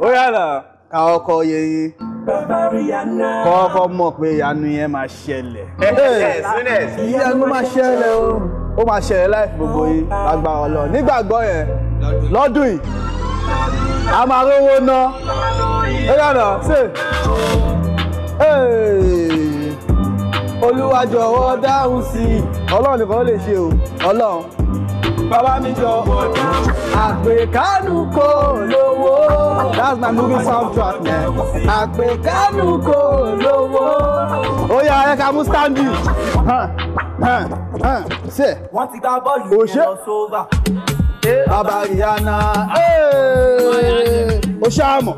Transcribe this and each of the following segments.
ó yàrá. ká ọkọ yẹ yín kọ́ ọkọ mọ̀ pé ìyanu yẹn máa ṣẹlẹ̀. ìyanu máa ṣẹlẹ̀ o ó máa ṣẹlẹ̀ láì gbogbo yín lágbára Ọlọ́run nígbàgbọ́ yẹn lọ́dún yìí a máa rówó ná ó yàrá ṣe olúwa jọ̀wọ́ dáhùn sí i ọlọ́run nìkan ló lè ṣe o ọlọ́run bàbá mi jọ. àpèkánú kò lówó. that's my movie soundtrack man. àpèkánú kò lówó. ó yá ká mú stanley. ṣe. wọ́n ti gbá bọ́ọ̀lù yẹn lọ sóbà. bàbá rihanna. ó ṣàmọ̀.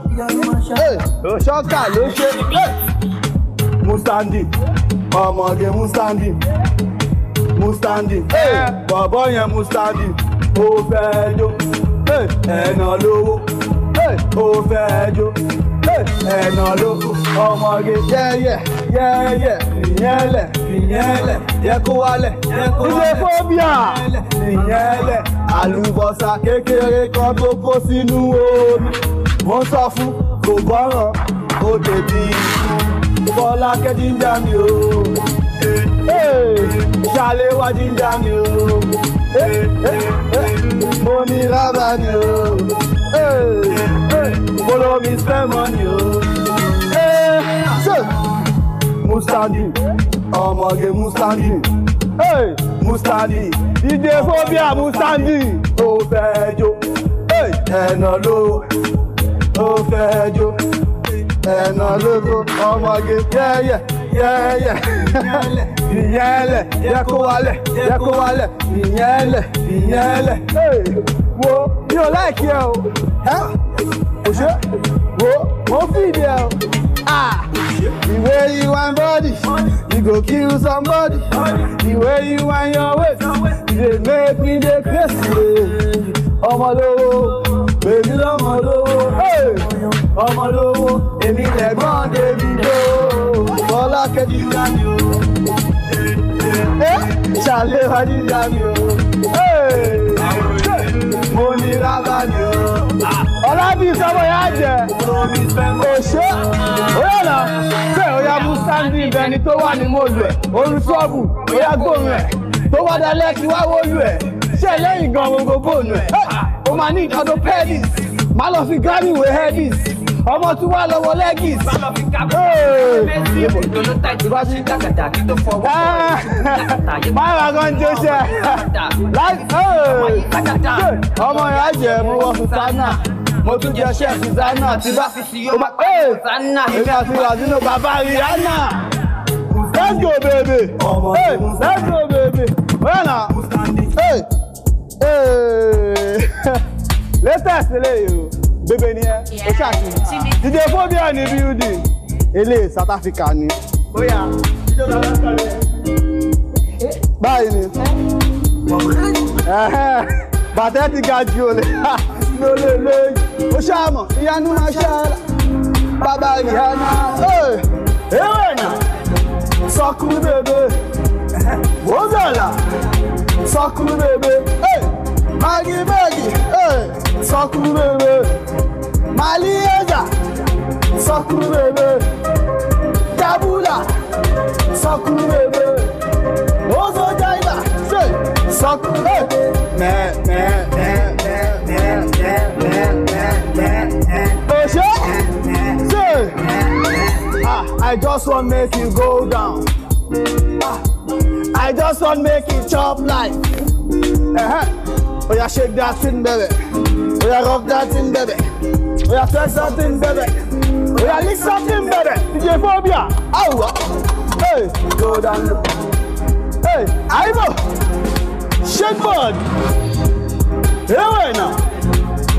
ṣọ́kà ló ṣe. mustandi ọmọge mustandi. Mustandi, standing bọ̀bọ̀ yẹn mú standing ó fẹ́ jó ẹ̀nà lówó ó fẹ́ jó ẹ̀nà lówó ọmọge yẹ́yẹ́ yẹ́yẹ́ ìyẹ́lẹ̀ ìyẹ́lẹ̀ yẹ́kúwálẹ̀ yẹ́kúwálẹ̀ ilé fóbíà ìyẹ́lẹ̀ àlùbọ́sà kékeré kan tó kó sínú omi mo sọ fún kò gbọ́ràn kò tètè ikú bọ́lá kẹ́jíńjà mi o. Hey! aléwájú ń dá mi o eh, eh, eh, mo ní rábà ni o follow me spend money o. Mustadi ọmọge Mustadi Mustadi ìdè fóbíà Mustadi ó fẹ́ jó ẹ̀nà ló ó fẹ́ jó ẹ̀nà ló tó ọmọge yẹ́yẹ́ yẹ́yẹ́ ìyẹ́lẹ̀ yẹ kó wálẹ̀ yẹ kó wálẹ̀ ìyẹ́lẹ̀ ìyẹ́lẹ̀. wo mi ò láìkí ẹ o ẹ kò ṣe wo mo fi ìdí ẹ o. The ah, way you want body, you go kill somebody. The way you want your waist, you dey make me dey crazy. Ọmọ lówó, bèbí lọ́mọ lówó. Ọmọ lówó, èmi lẹ̀gbọ́n débi lówó. Bọ́lá kẹ́jú dání o. Eh? ṣàlẹ̀ wájú ìjà mi o. mo ní rábà ni o. ọlábí sọ́mọ yá jẹ òṣè oyè náà ṣé oyè mú sáńdì ìbẹni tó wà ní mòlù ẹ̀ orí ṣọ́ọ̀bù oyè gbòòrùn ẹ̀ tó wá dalẹ̀ kí wá wọ́ọ̀lù ẹ̀ ṣe lẹ́yìn gan gbogbo bóònù ẹ̀ ó máa ní ìjọdún pẹ́ẹ́lì má lọ fi grammy wé headies ọmọ tún wà lọ́wọ́ legis. má lọ fi grammy wé mẹ́sì òdò ló ta ìdúró ṣe dàgàdà kí tó fọwọ́ bọ̀ ah! má wà gan jẹ ṣe ọmọ yẹn á jẹ mú wọ sùtánà mo tún jẹ ṣe sùtánà tí bá fi ṣiyọ́ máa pé sùtánà èmi àti razino bàbá rihanna let's go baby hey let's go baby wẹ́nà hey hey. latest eléyìí o bébé ni ẹ o ṣàṣì dìde phobia ní building eléyìí South Africa ni. bóyá ìjọba South Africa ni. Eh, ni bàtẹ́ ti ga ju olè ló lè lè o ṣàmọ̀ ìyanu máa ṣe bàbá ìyanu ewé nà sọkún bèbè wọ́n bẹ̀rẹ̀ sọkún bèbè magi magi. saklı bebe Maliyeca saklı bebe Kabula saklı bebe Ozo cayda şey saklı bebe Me me me me me me me me me Oşe şey Ah, I just want make you go down. Ah, I just want make you chop like. Uh-huh. Oh, yeah, shake that thing, baby. We are rock that thing, baby. We are flex that baby. We are lick that baby. DJ Phobia. Ow. Hey, go down Hey, Ivo. Shake bud. Here we now.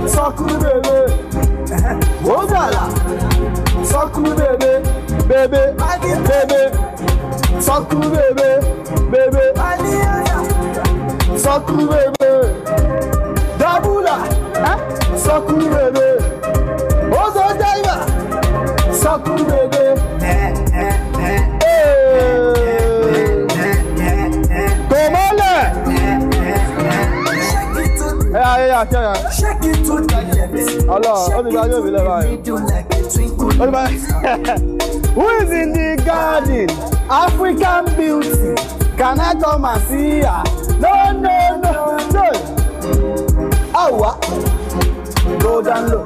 Suck me, baby. Whoa, gala. Suck me, baby. Baby, baby. Suck me, baby. Baby. Suck me, baby. sọkún rere ozo dáìbà sọkún rere. kòmọ́lẹ̀. ẹ ayé yà kí ẹ yà. ọlọ́ọ̀ omi bá yóò mi lẹ́wọ̀ ayé. omi bá Who is in the garden? African beauty. Can I come and see her? No, no, no, no. tá ń lò.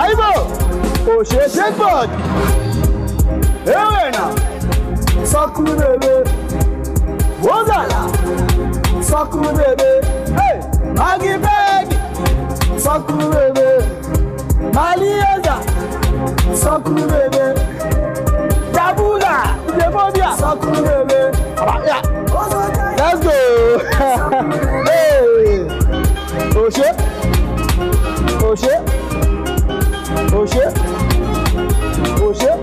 àìbò òṣèṣe pọ̀ ewé náà sọkúrú bèbè wọ́zàlà sọkúrú bèbè magi bẹ́ẹ̀gì sọkúrú bèbè màlíyàzà sọkúrú bèbè. push it, push it,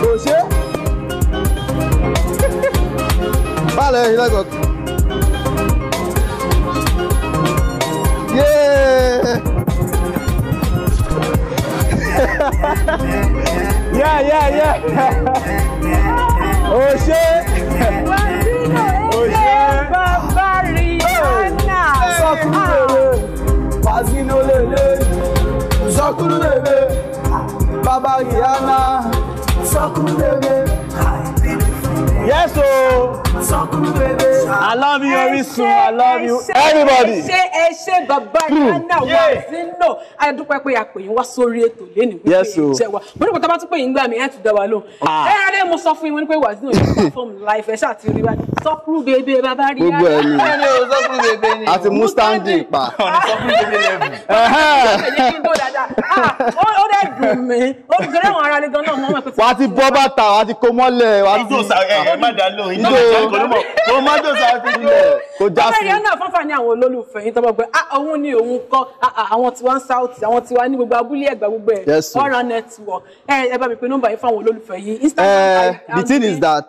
push it. Yeah. yeah, yeah, yeah. oh shit. sọkún bèbè bàbá Rihanna sọkún bèbè. Yes, oh. I love you, Orisun. I love you, everybody. Ẹ ṣé bàbá hmm. Rihanna wá sínú. Adúpẹ́ pé àpè wá sórí ètò lẹ́nu wípé oh. ẹ wa. Mo ní kò tá bá tún yín gbà mí ẹ̀ tún dá wa lóhùn. Ah. Ẹ rárẹ̀ mo sọ fún yín wọ́n ní pé Wazino yóò perform live ẹ̀ ṣáà ti rí wájú sọ́kúrú bèbè bàbá rí rárá. gbogbo ẹ ni sọ́kúrú bèbè ni. àti mustandi pa. ọ̀nà sọ́kúrú bèbè lẹ́bù. Ah, ó dẹ̀ dùn mí ó dùn mí àwọn ará ni gan-an mọ́ mọ́ pé. wàá ti bọ́ bàtà wàá ti kó mọ́lẹ̀ wàá ti. ìjọ ẹ má dá lóhùn ìjọ ìjọ kò má jò sá ti lẹ̀ kò já sí. ọ̀rẹ́ yẹn náà fọ́nfà ní àwọn olólùfẹ́ yín tọ́gbọ́ pé ah, òun ni òun kọ́ ah, àwọn tiwa ń sáùtì àwọn tiwa ní gbogbo abúlé ẹ̀gbá gbogbo ẹ̀ ọ̀ràn network ẹ bá mi pe nọ́mbà yín fáwọn olólùfẹ́ yín Instagram. Eh, the thing is that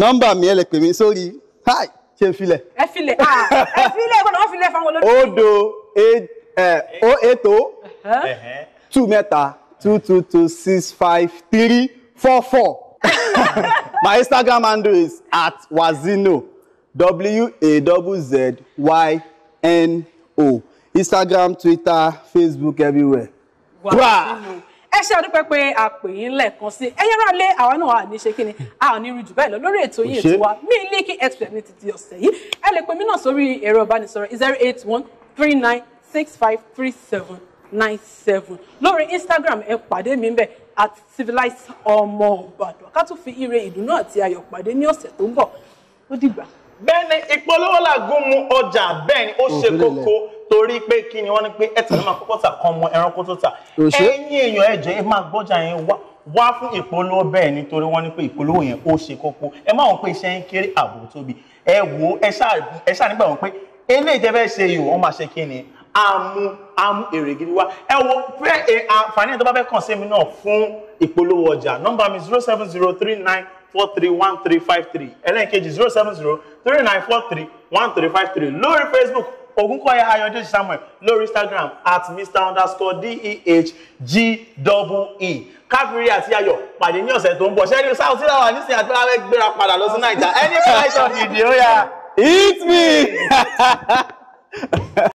nọ́mbà mi ẹ lè pè mí sórí hi ṣe n filẹ̀. ẹ filẹ̀ ah, ẹ filẹ̀ gbọ́dọ̀ wọ́n filẹ̀ fáwọn olórí. odo o eto two mẹ́ta two two two six five three four four my instagram handle is at wazino w a z y n o instagram twitter facebook everywhere. wazino ẹ ṣe àdúpẹ́ pé a pè yín lẹ́ẹ̀kan sí ẹyẹ rà lé àwa náà àní ṣe kíni a ò ní rí jù bẹ́ẹ̀ lọ lórí ètò yìí ètò wa Miliki Express ní títí ọ̀sẹ̀ yìí ẹ lè pè mí náà sórí ẹ̀rọ ìbánisọ̀rọ̀ zero eight one three nine six five three seven nine seven lórí Instagram ẹ pàdé mi bẹ́ẹ̀ at civilized ọmọ Ìbàdàn ká tún fi ire ìdùnnú àti ayọ̀ pàdé ní ọ̀sẹ̀ tó ń bọ̀ ó dìgbà. bẹ́ẹ̀ni ìpolówó làgùn mu ọjà bẹ́ẹ̀ni ó ṣe kókó torí pé kí ni wọ́n ní pé ẹ̀tàn náà máa kọ́kọ́ tà kan mọ ẹranko tó tà ẹ̀yin èèyàn ẹ̀jẹ̀ ẹ máa gbọ́jà yẹn wá wá fún ìpolówó bẹ́ẹ̀ nítorí wọ́n ní pé ìpolówó yẹn ó ṣe kókó ẹ má wọn pé iṣẹ́ ń kéré ààbò tóbi ẹ wò ó ẹ ṣáà nígbà wọn pé eléyìí tẹ́ fẹ́ ṣe yìí wọ́n máa ṣe kí ni àmú àmú èrè gidi wá ẹ wo fẹ́ àǹfààní ẹ̀ tó bá fẹ́ kàn sí mi náà fún ìpolówó ọjà nọ́mbà mi zero seven zero three nine four three one three five three ẹlẹ́nkejì zero seven zero three nine four three one three five three lórí Facebook Ògúnkọ̀yé Ayọ̀dèjì Samuel lórí Instagram at mr underscore dehgwe káfíìrì àti ayọ̀ pàdé ní ọ̀sẹ̀ tó ń bọ̀ ṣẹ́ni south sílẹ̀ wà nísìnyí àti wàá fẹ́ gbéra padà lọ sí Naija any connection ìdí ó yà hit me.